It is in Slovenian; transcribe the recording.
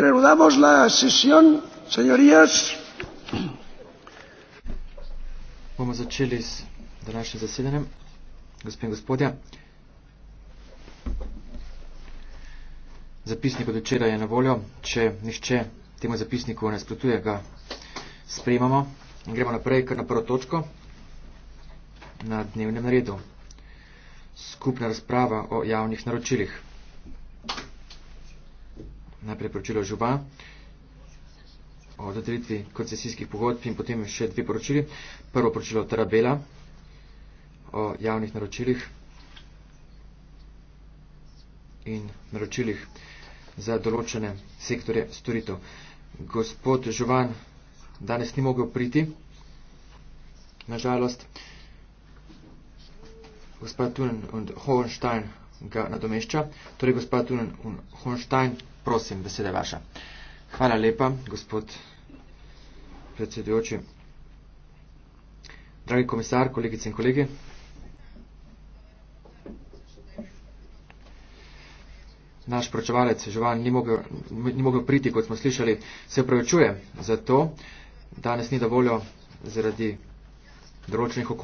Reanudamos la sesión, señorías. Bomo začeli z današnjim zasedanjem, gospod in gospodja. Zapisnik od včeraj je na voljo, če nišče temu zapisniku ne sprotuje, ga sprejmamo in gremo naprej kar na prvo točko na dnevnem redu. Skupna razprava o javnih naročilih najprej poročilo Žuba o dodelitvi koncesijskih pogodb in potem še dve poročili. Prvo poročilo Tarabela o javnih naročilih in naročilih za določene sektore storitev. Gospod Žuvan danes ni mogel priti, nažalost. Gospod Tunen und Hohenstein ga nadomešča. Torej, gospod Tunen und Hohenstein Prosim, beseda vaša. Hvala lepa, gospod predsedujoči. Dragi komisar, kolegice in kolegi. Naš pročevalec Žovan ni mogel, ni mogel priti, kot smo slišali, se pravičuje za to, danes ni dovoljo zaradi določenih okolj.